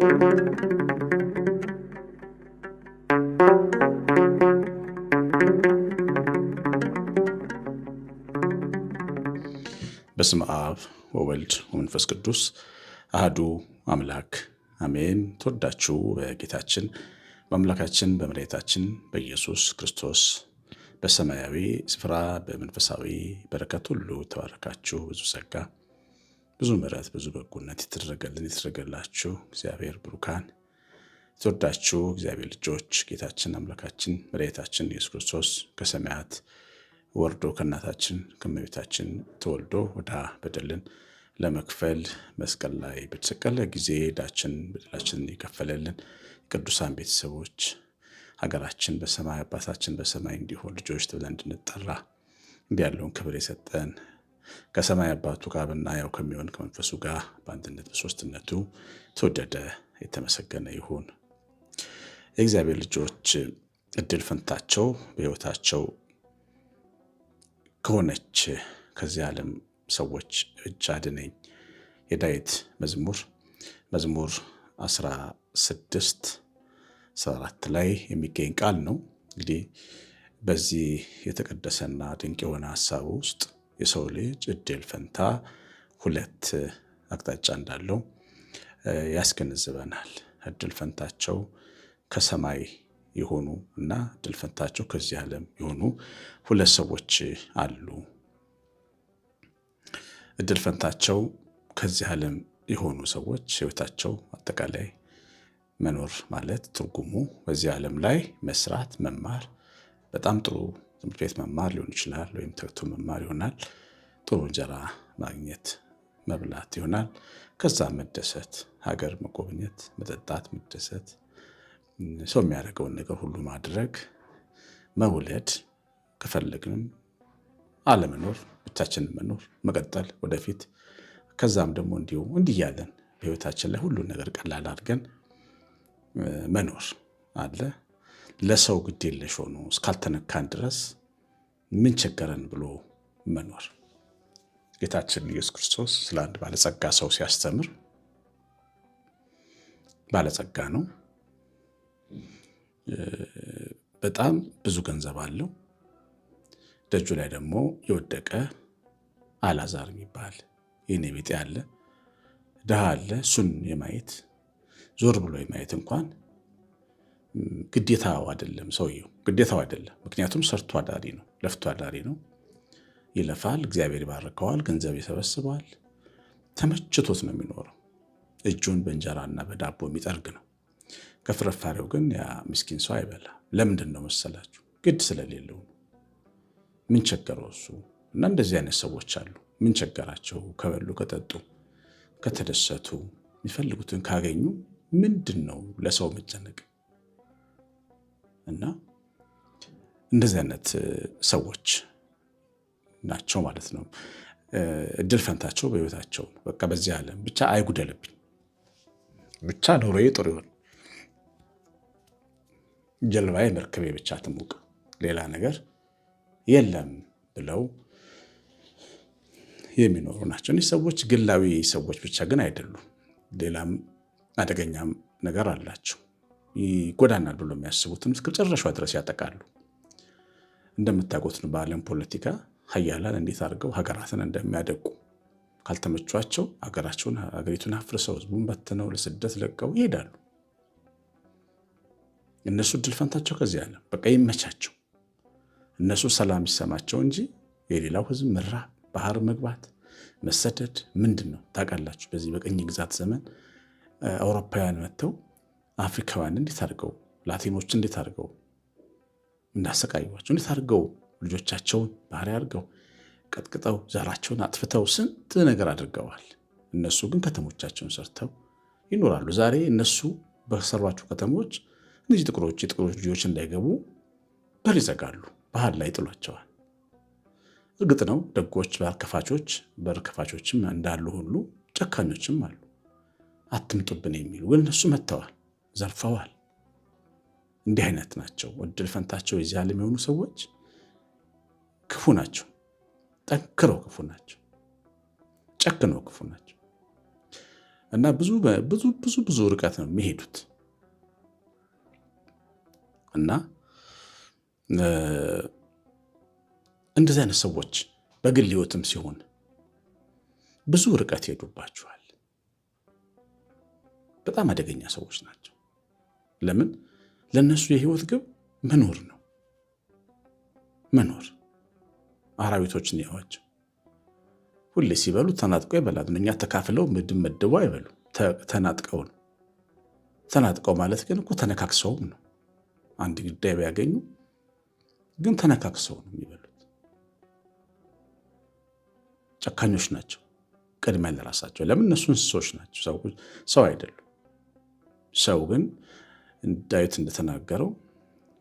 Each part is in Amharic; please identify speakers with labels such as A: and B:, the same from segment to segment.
A: በስም አብ ወወልድ ወመንፈስ ቅዱስ አህዱ አምላክ አሜን። ተወዳችሁ በጌታችን በአምላካችን በመድኃኒታችን በኢየሱስ ክርስቶስ በሰማያዊ ስፍራ በመንፈሳዊ በረከት ሁሉ ተባረካችሁ። ብዙ ጸጋ ብዙ ምሕረት ብዙ በጎነት የተደረገልን የተደረገላችሁ እግዚአብሔር ብሩካን የተወዳችሁ እግዚአብሔር ልጆች ጌታችን አምላካችን መድኃኒታችን ኢየሱስ ክርስቶስ ከሰማያት ወርዶ ከእናታችን ከእመቤታችን ተወልዶ ወዳ በደልን ለመክፈል መስቀል ላይ በተሰቀለ ጊዜ ዕዳችን በደላችን የከፈለልን ቅዱሳን ቤተሰቦች ሀገራችን በሰማይ አባታችን በሰማይ እንዲሆን ልጆች ተብለን እንድንጠራ እንዲህ ክብር የሰጠን ከሰማይ አባቱ ጋር ብናየው ከሚሆን ከመንፈሱ ጋር በአንድነት በሶስትነቱ ተወደደ የተመሰገነ ይሁን። የእግዚአብሔር ልጆች እድል ፈንታቸው በህይወታቸው ከሆነች ከዚህ ዓለም ሰዎች እጅ አድነኝ የዳዊት መዝሙር መዝሙር 16 14 ላይ የሚገኝ ቃል ነው። እንግዲህ በዚህ የተቀደሰና ድንቅ የሆነ ሀሳብ ውስጥ የሰው ልጅ እድል ፈንታ ሁለት አቅጣጫ እንዳለው ያስገነዝበናል። እድል ፈንታቸው ከሰማይ የሆኑ እና እድል ፈንታቸው ከዚህ ዓለም የሆኑ ሁለት ሰዎች አሉ። እድል ፈንታቸው ከዚህ ዓለም የሆኑ ሰዎች ህይወታቸው አጠቃላይ መኖር ማለት ትርጉሙ በዚህ ዓለም ላይ መስራት፣ መማር በጣም ጥሩ ትምህርት ቤት መማር ሊሆን ይችላል፣ ወይም ተግቶ መማር ይሆናል። ጥሩ እንጀራ ማግኘት መብላት ይሆናል። ከዛ መደሰት፣ ሀገር መጎብኘት፣ መጠጣት፣ መደሰት፣ ሰው የሚያደርገውን ነገር ሁሉ ማድረግ፣ መውለድ፣ ከፈለግንም አለመኖር፣ ብቻችንን መኖር፣ መቀጠል ወደፊት። ከዛም ደግሞ እንዲሁ እንዲህ እያለን በህይወታችን ላይ ሁሉን ነገር ቀላል አድርገን መኖር አለ። ለሰው ግድ የለሽ ሆኖ እስካልተነካን ድረስ ምን ቸገረን ብሎ መኖር። ጌታችን ኢየሱስ ክርስቶስ ስለ አንድ ባለጸጋ ሰው ሲያስተምር ባለጸጋ ነው፣ በጣም ብዙ ገንዘብ አለው። ደጁ ላይ ደግሞ የወደቀ አላዛር የሚባል የኔ ቤጤ አለ፣ ድሃ አለ። እሱን የማየት ዞር ብሎ የማየት እንኳን ግዴታው አይደለም። ሰውየው ግዴታው አይደለም። ምክንያቱም ሰርቶ አዳሪ ነው፣ ለፍቶ አዳሪ ነው። ይለፋል፣ እግዚአብሔር ይባርከዋል፣ ገንዘብ ይሰበስበዋል። ተመችቶት ነው የሚኖረው። እጁን በእንጀራና በዳቦ የሚጠርግ ነው። ከፍርፋሪው ግን ያ ምስኪን ሰው አይበላ። ለምንድን ነው መሰላችሁ? ግድ ስለሌለው ምን ቸገረው እሱ? እና እንደዚህ አይነት ሰዎች አሉ። ምን ቸገራቸው? ከበሉ፣ ከጠጡ፣ ከተደሰቱ፣ የሚፈልጉትን ካገኙ ምንድን ነው ለሰው መጨነቅ? እና እንደዚህ አይነት ሰዎች ናቸው ማለት ነው። እድል ፈንታቸው በህይወታቸው በቃ በዚህ ዓለም ብቻ አይጉደልብኝ፣ ብቻ ኑሮዬ ጥሩ ይሆን፣ ጀልባዬ መርከቤ ብቻ ትሙቅ፣ ሌላ ነገር የለም ብለው የሚኖሩ ናቸው። እኒህ ሰዎች ግላዊ ሰዎች ብቻ ግን አይደሉም። ሌላም አደገኛም ነገር አላቸው። ይጎዳናል ብሎ የሚያስቡትን እስከ ጨረሻዋ ድረስ ያጠቃሉ። እንደምታውቁት ነው በዓለም ፖለቲካ ሀያላን እንዴት አድርገው ሀገራትን እንደሚያደቁ ካልተመቿቸው ሀገራቸውን ሀገሪቱን አፍርሰው ህዝቡን በትነው ለስደት ለቀው ይሄዳሉ። እነሱ እድል ፈንታቸው ከዚህ ዓለም በቃ ይመቻቸው። እነሱ ሰላም ይሰማቸው እንጂ የሌላው ህዝብ ምራ ባህር መግባት፣ መሰደድ ምንድን ነው ታውቃላችሁ። በዚህ በቅኝ ግዛት ዘመን አውሮፓውያን መጥተው አፍሪካውያን እንዴት አድርገው ላቲኖች እንዴት አድርገው እንዳሰቃዩቸው እንዴት አድርገው ልጆቻቸውን ባሪያ አድርገው ቀጥቅጠው ዛራቸውን አጥፍተው ስንት ነገር አድርገዋል። እነሱ ግን ከተሞቻቸውን ሰርተው ይኖራሉ። ዛሬ እነሱ በሰሯቸው ከተሞች እነዚህ ጥቁሮች የጥቁሮች ልጆች እንዳይገቡ በር ይዘጋሉ፣ ባህር ላይ ጥሏቸዋል። እርግጥ ነው ደጎች በር ከፋቾች በር ከፋቾችም እንዳሉ ሁሉ ጨካኞችም አሉ፣ አትምጡብን የሚሉ ግን እነሱ መጥተዋል። ዘርፈዋል። እንዲህ አይነት ናቸው። እድል ፈንታቸው የዚህ ዓለም የሆኑ ሰዎች ክፉ ናቸው። ጠንክረው ክፉ ናቸው። ጨክነው ክፉ ናቸው እና ብዙ ብዙ ብዙ ብዙ ርቀት ነው የሚሄዱት እና እንደዚህ አይነት ሰዎች በግል ህይወትም ሲሆን ብዙ ርቀት ይሄዱባቸዋል። በጣም አደገኛ ሰዎች ናቸው። ለምን? ለእነሱ የህይወት ግብ መኖር ነው። መኖር አራዊቶችን ያዋቸው ሁሌ ሲበሉ ተናጥቀው ይበላል። እኛ ተካፍለው ምድብ መድቦ አይበሉ፣ ተናጥቀው ነው። ተናጥቀው ማለት ግን እኮ ተነካክሰውም ነው። አንድ ጉዳይ ቢያገኙ ግን ተነካክሰው ነው የሚበሉት። ጨካኞች ናቸው። ቅድሚያ ለራሳቸው ለምን? እነሱ እንስሶች ናቸው፣ ሰው አይደሉም። ሰው ግን ዳዊት እንደተናገረው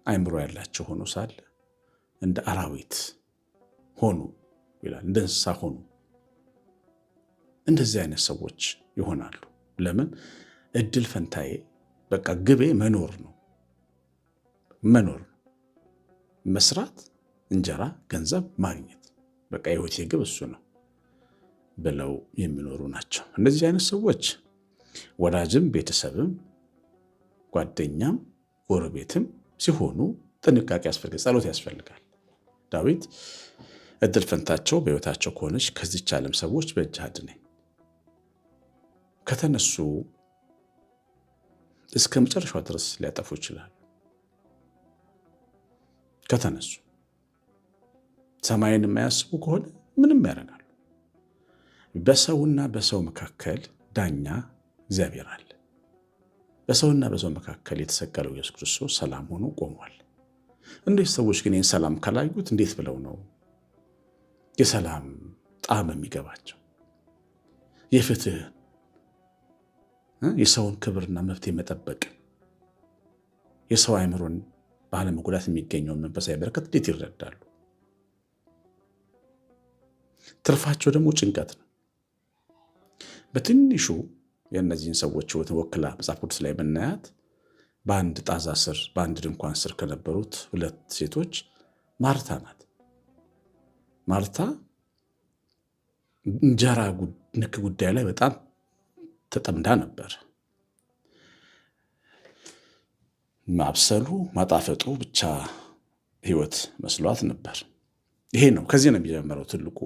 A: አይምሮ ያላቸው ሆኖ ሳለ እንደ አራዊት ሆኑ ይላል። እንደ እንስሳ ሆኑ። እንደዚህ አይነት ሰዎች ይሆናሉ። ለምን እድል ፈንታዬ በቃ ግቤ መኖር ነው መኖር መስራት፣ እንጀራ፣ ገንዘብ ማግኘት በቃ የህይወቴ ግብ እሱ ነው ብለው የሚኖሩ ናቸው። እነዚህ አይነት ሰዎች ወዳጅም ቤተሰብም ጓደኛም ጎረቤትም ሲሆኑ ጥንቃቄ ያስፈልጋል፣ ጸሎት ያስፈልጋል። ዳዊት እድል ፈንታቸው በህይወታቸው ከሆነች ከዚች ዓለም ሰዎች በእጅ አድነኝ ከተነሱ እስከ መጨረሻው ድረስ ሊያጠፉ ይችላል። ከተነሱ ሰማይን የማያስቡ ከሆነ ምንም ያደርጋሉ። በሰውና በሰው መካከል ዳኛ እግዚአብሔር አለ። በሰውና በሰው መካከል የተሰቀለው ኢየሱስ ክርስቶስ ሰላም ሆኖ ቆሟል። እንዴት ሰዎች ግን ይህን ሰላም ካላዩት እንዴት ብለው ነው የሰላም ጣዕም የሚገባቸው? የፍትህን የሰውን ክብርና መብት የመጠበቅ የሰው አእምሮን ባለመጉዳት የሚገኘውን መንፈሳዊ በረከት እንዴት ይረዳሉ? ትርፋቸው ደግሞ ጭንቀት ነው። በትንሹ የእነዚህን ሰዎች ህይወት ወክላ መጽሐፍ ቅዱስ ላይ የምናያት በአንድ ጣዛ ስር በአንድ ድንኳን ስር ከነበሩት ሁለት ሴቶች ማርታ ናት። ማርታ እንጀራ ንክ ጉዳይ ላይ በጣም ተጠምዳ ነበር። ማብሰሉ ማጣፈጡ ብቻ ህይወት መስሏት ነበር። ይሄ ነው። ከዚህ ነው የሚጀምረው። ትልቁ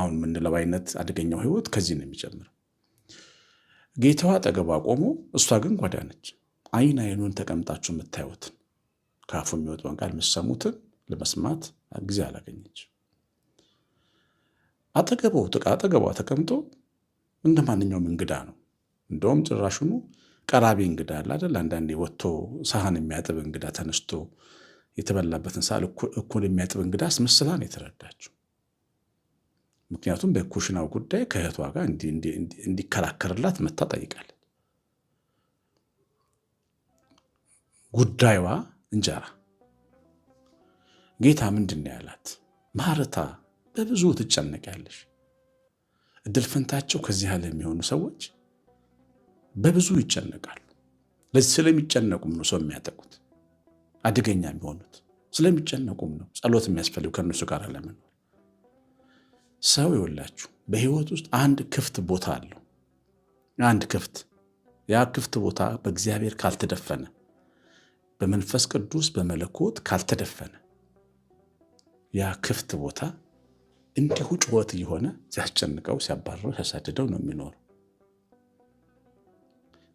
A: አሁን የምንለው አይነት አደገኛው ህይወት ከዚህ ነው የሚጀምረው። ጌታዋ አጠገቧ ቆሞ እሷ ግን ጓዳ ነች። አይን አይኑን ተቀምጣችሁ የምታዩትን ከአፉ የሚወጣውን ቃል የምትሰሙትን ለመስማት ጊዜ አላገኘች። አጠገቧ ተቀምጦ እንደ ማንኛውም እንግዳ ነው። እንደውም ጭራሹኑ ቀራቢ እንግዳ አለ አይደል? አንዳንዴ ወጥቶ ሳህን የሚያጥብ እንግዳ ተነስቶ የተበላበትን ሳህን እኩል የሚያጥብ እንግዳ አስመስላ ነው የተረዳችው። ምክንያቱም በኩሽናው ጉዳይ ከእህቷ ጋር እንዲከራከርላት መታ ጠይቃለች። ጉዳይዋ እንጀራ ጌታ ምንድን ያላት? ማርታ በብዙ ትጨነቂያለሽ። እድል ፈንታቸው ከዚህ ያለ የሚሆኑ ሰዎች በብዙ ይጨነቃሉ። ለዚህ ስለሚጨነቁም ነው ሰው የሚያጠቁት አደገኛ የሚሆኑት ስለሚጨነቁም ነው ጸሎት የሚያስፈልግ ከእነሱ ጋር ለመኖር ሰው ይወላችሁ በህይወት ውስጥ አንድ ክፍት ቦታ አለው። አንድ ክፍት ያ ክፍት ቦታ በእግዚአብሔር ካልተደፈነ፣ በመንፈስ ቅዱስ በመለኮት ካልተደፈነ ያ ክፍት ቦታ እንዲሁ ጩኸት እየሆነ ሲያስጨንቀው፣ ሲያባረው፣ ሲያሳድደው ነው የሚኖረው።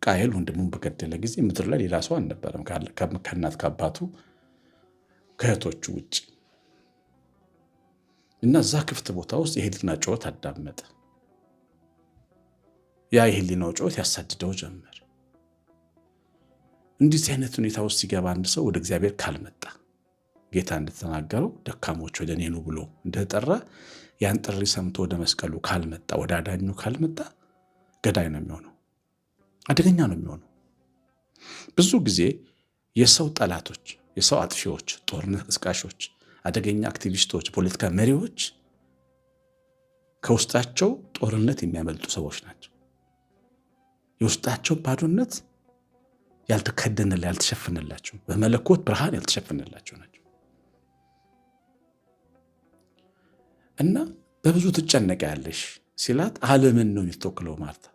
A: ቃየል ወንድሙን በገደለ ጊዜ ምድር ላይ ሌላ ሰው አልነበረም ከእናት ከአባቱ ከእህቶቹ ውጭ እና እዛ ክፍት ቦታ ውስጥ የህሊና ጩኸት አዳመጠ። ያ የህሊናው ጩኸት ያሳድደው ጀመር። እንዲህ አይነት ሁኔታ ውስጥ ሲገባ አንድ ሰው ወደ እግዚአብሔር ካልመጣ ጌታ እንደተናገረው ደካሞች ወደ እኔ ኑ ብሎ እንደተጠራ ያን ጥሪ ሰምቶ ወደ መስቀሉ ካልመጣ፣ ወደ አዳኙ ካልመጣ ገዳይ ነው የሚሆነው፣ አደገኛ ነው የሚሆነው። ብዙ ጊዜ የሰው ጠላቶች፣ የሰው አጥፊዎች፣ ጦርነት ቀስቃሾች አደገኛ አክቲቪስቶች፣ ፖለቲካ መሪዎች ከውስጣቸው ጦርነት የሚያመልጡ ሰዎች ናቸው። የውስጣቸው ባዶነት ያልተከደንላ ያልተሸፈነላቸው በመለኮት ብርሃን ያልተሸፈነላቸው ናቸው እና በብዙ ትጨነቂያለሽ ሲላት ዓለምን ነው የምትወክለው ማርታ።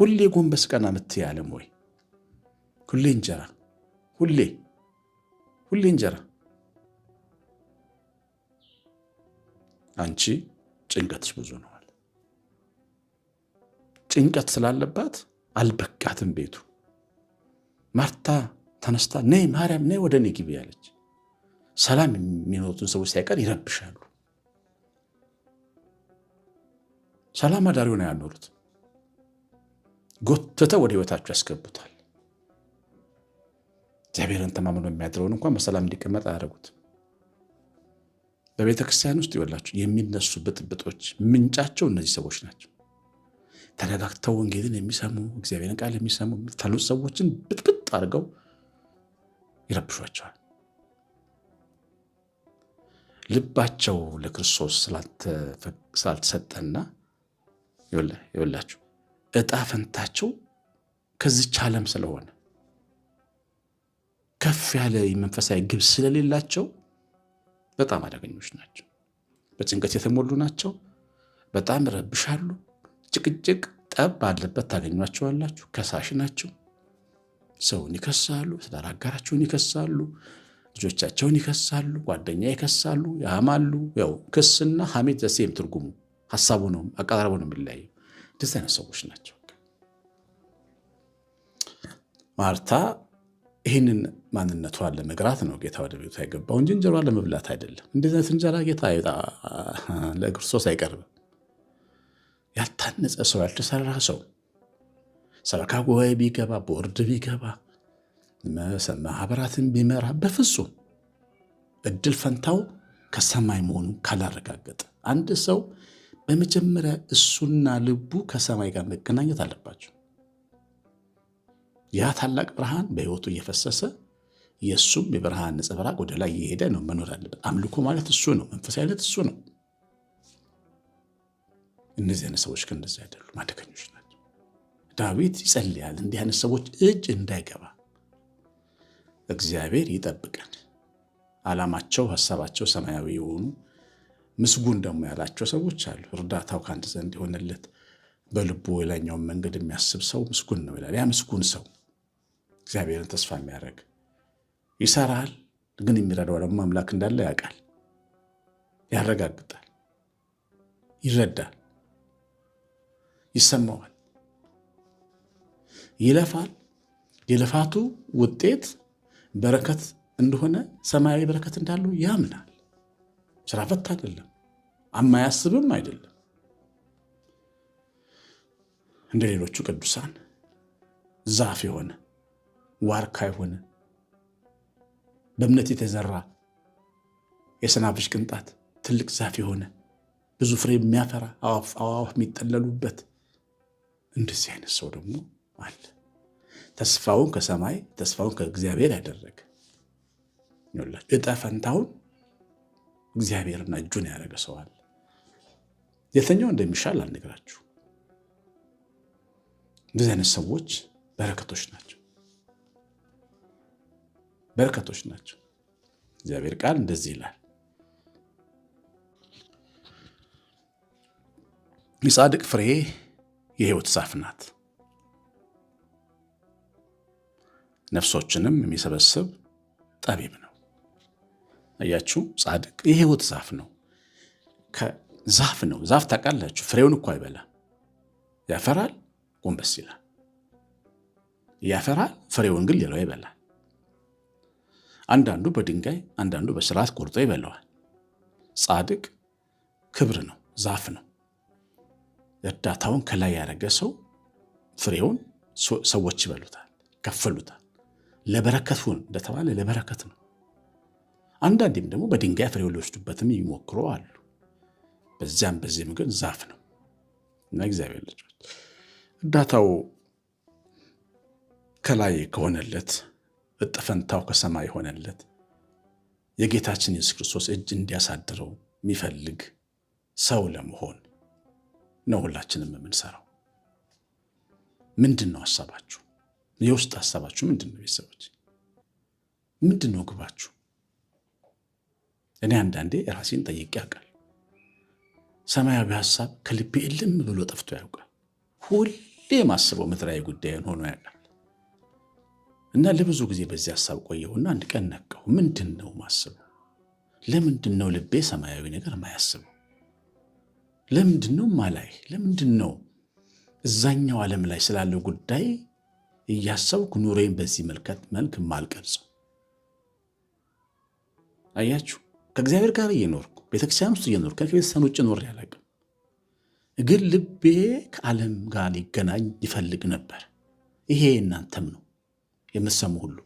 A: ሁሌ ጎንበስ ቀና የምትይ ዓለም ወይ ሁሌ እንጀራ ሁሌ ሁሌ እንጀራ አንቺ ጭንቀትሽ ብዙ ነዋል። ጭንቀት ስላለባት አልበቃትም ቤቱ። ማርታ ተነስታ ነይ ማርያም ነይ ወደ እኔ ግቢ ያለች። ሰላም የሚኖሩትን ሰዎች ሳይቀር ይረብሻሉ። ሰላም አዳሪ ነው ያኖሩት፣ ጎትተው ወደ ህይወታቸው ያስገቡታል። እግዚአብሔርን ተማምኖ የሚያድረውን እንኳን በሰላም እንዲቀመጥ አያደርጉት። በቤተ ክርስቲያን ውስጥ ይወላችሁ የሚነሱ ብጥብጦች ምንጫቸው እነዚህ ሰዎች ናቸው። ተረጋግተው ወንጌልን የሚሰሙ እግዚአብሔርን ቃል የሚሰሙ ታሉት ሰዎችን ብጥብጥ አድርገው ይረብሿቸዋል። ልባቸው ለክርስቶስ ስላልተሰጠና ይወላችሁ እጣ ፈንታቸው ከዚች ዓለም ስለሆነ ከፍ ያለ መንፈሳዊ ግብ ስለሌላቸው በጣም አደገኞች ናቸው። በጭንቀት የተሞሉ ናቸው። በጣም ረብሻሉ ጭቅጭቅ፣ ጠብ ባለበት ታገኟቸዋላችሁ። ከሳሽ ናቸው። ሰውን ይከሳሉ፣ ትዳር አጋራቸውን ይከሳሉ፣ ልጆቻቸውን ይከሳሉ፣ ጓደኛ ይከሳሉ፣ ያማሉ። ያው ክስና ሐሜት ዘሴም ትርጉሙ ሀሳቡ ነው፣ አቀራረቡ ነው የሚለያየው። እንደዚህ አይነት ሰዎች ናቸው ማርታ ይህንን ማንነቷን ለመግራት ነው ጌታ ወደ ቤቷ የገባው እንጂ እንጀሯን ለመብላት አይደለም። እንደዚህ አይነት እንጀራ ጌታ ለክርስቶስ አይቀርብም። ያልታነጸ ሰው፣ ያልተሰራ ሰው ሰበካ ጉባኤ ቢገባ ቦርድ ቢገባ ማህበራትን ቢመራ በፍጹም እድል ፈንታው ከሰማይ መሆኑን ካላረጋገጠ አንድ ሰው በመጀመሪያ እሱና ልቡ ከሰማይ ጋር መገናኘት አለባቸው። ያ ታላቅ ብርሃን በህይወቱ እየፈሰሰ የእሱም የብርሃን ነጸብራቅ ወደ ላይ እየሄደ ነው መኖር ያለበት። አምልኮ ማለት እሱ ነው። መንፈሳዊነት እሱ ነው። እነዚህ አይነት ሰዎች ግን እንደዚህ አይደሉም፣ አደገኞች ናቸው። ዳዊት ይጸልያል እንዲህ አይነት ሰዎች እጅ እንዳይገባ እግዚአብሔር ይጠብቀን። ዓላማቸው ሀሳባቸው ሰማያዊ የሆኑ ምስጉን ደግሞ ያላቸው ሰዎች አሉ። እርዳታው ከአንድ ዘንድ የሆነለት በልቡ የላይኛውን መንገድ የሚያስብ ሰው ምስጉን ነው ይላል። ያ ምስጉን ሰው እግዚአብሔርን ተስፋ የሚያደርግ ይሰራል፣ ግን የሚረዳው ደግሞ አምላክ እንዳለ ያውቃል፣ ያረጋግጣል፣ ይረዳል፣ ይሰማዋል፣ ይለፋል። የልፋቱ ውጤት በረከት እንደሆነ ሰማያዊ በረከት እንዳለው ያምናል። ስራ ፈት አይደለም፣ አማያስብም አይደለም። እንደ ሌሎቹ ቅዱሳን ዛፍ የሆነ ዋርካ የሆነ በእምነት የተዘራ የሰናፍጭ ቅንጣት ትልቅ ዛፍ የሆነ ብዙ ፍሬ የሚያፈራ አዋፍ የሚጠለሉበት እንደዚህ አይነት ሰው ደግሞ አለ። ተስፋውን ከሰማይ ተስፋውን ከእግዚአብሔር ያደረገ እጣ ፈንታውን እግዚአብሔርና እጁን ያደረገ ሰው አለ። የተኛው እንደሚሻል አልነግራችሁ። እንደዚህ አይነት ሰዎች በረከቶች ናቸው። በረከቶች ናቸው። እግዚአብሔር ቃል እንደዚህ ይላል። የጻድቅ ፍሬ የህይወት ዛፍ ናት፣ ነፍሶችንም የሚሰበስብ ጠቢብ ነው። አያችሁ፣ ጻድቅ የህይወት ዛፍ ነው። ከዛፍ ነው። ዛፍ ታውቃላችሁ፣ ፍሬውን እኮ አይበላም። ያፈራል፣ ጎንበስ ይላል፣ ያፈራል። ፍሬውን ግን ሌላው ይበላል። አንዳንዱ በድንጋይ አንዳንዱ በስርዓት ቆርጦ ይበለዋል። ጻድቅ ክብር ነው፣ ዛፍ ነው። እርዳታውን ከላይ ያደረገ ሰው ፍሬውን ሰዎች ይበሉታል፣ ከፈሉታል። ሁን እንደተባለ ለበረከት ነው። አንዳንዴም ደግሞ በድንጋይ ፍሬው ሊወስዱበትም ይሞክሩ አሉ። በዚያም በዚህም ግን ዛፍ ነው እና እግዚአብሔር ልጆች እርዳታው ከላይ ከሆነለት እጥ ከሰማይ የሆነለት የጌታችን የሱስ ክርስቶስ እጅ እንዲያሳድረው የሚፈልግ ሰው ለመሆን ነው ሁላችንም የምንሰራው። ምንድን ነው ሀሳባችሁ? የውስጥ ሀሳባችሁ ምንድን ነው? ቤተሰቦች ምንድን ነው ግባችሁ? እኔ አንዳንዴ ራሴን ጠይቄ ያውቃል። ሰማያዊ ሀሳብ ከልቤ እልም ብሎ ጠፍቶ ያውቃል። ሁሌ ማስበው ምድራዊ ጉዳይን ሆኖ ያውቃል። እና ለብዙ ጊዜ በዚህ ሀሳብ ቆየሁና አንድ ቀን ነቀው ምንድን ነው ማስበው? ለምንድን ነው ልቤ ሰማያዊ ነገር ማያስበው? ለምንድን ነው ማላይ? ለምንድን ነው እዛኛው ዓለም ላይ ስላለው ጉዳይ እያሰብኩ ኑሬን በዚህ መልከት መልክ ማልቀርጸው? አያችሁ፣ ከእግዚአብሔር ጋር እየኖርኩ ቤተክርስቲያን ውስጥ እየኖርኩ ከቤተክርስቲያን ውጭ ኖር አላውቅም። ግን ልቤ ከዓለም ጋር ሊገናኝ ይፈልግ ነበር። ይሄ እናንተም ነው። የምትሰሙ ሁሉ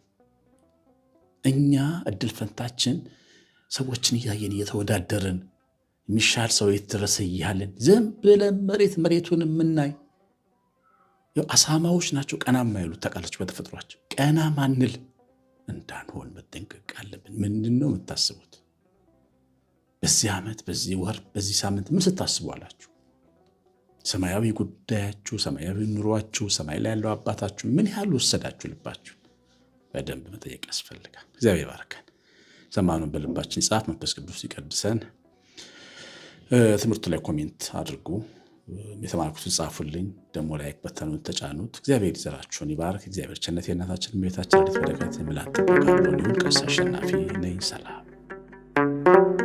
A: እኛ እድል ፈንታችን ሰዎችን እያየን እየተወዳደርን የሚሻል ሰው የት እያልን ዝም ብለን መሬት መሬቱን የምናይ አሳማዎች ናቸው። ቀና የማይሉት ታውቃላችሁ፣ በተፈጥሯቸው ቀና ማንል እንዳንሆን መጠንቀቅ አለብን። ምንድን ነው የምታስቡት? በዚህ ዓመት፣ በዚህ ወር፣ በዚህ ሳምንት ምን ስታስቡ አላችሁ? ሰማያዊ ጉዳያችሁ፣ ሰማያዊ ኑሯችሁ፣ ሰማይ ላይ ያለው አባታችሁ ምን ያህል ወሰዳችሁ ልባችሁ በደንብ መጠየቅ ያስፈልጋል። እግዚአብሔር ባረከን። ዘማኑን በልባችን ይጻፍ፣ መንፈስ ቅዱስ ይቀድሰን። ትምህርቱ ላይ ኮሜንት አድርጉ፣ የተማርኩት ጻፉልኝ፣ ደግሞ ላይክ በተኑን ተጫኑት። እግዚአብሔር ዘራችሁን ይባርክ። እግዚአብሔር ቸነት የእናታችን ቤታችን ት በረከት ምላት ጥበቃ ሊሆን ቀሲስ አሸናፊ ነኝ። ሰላም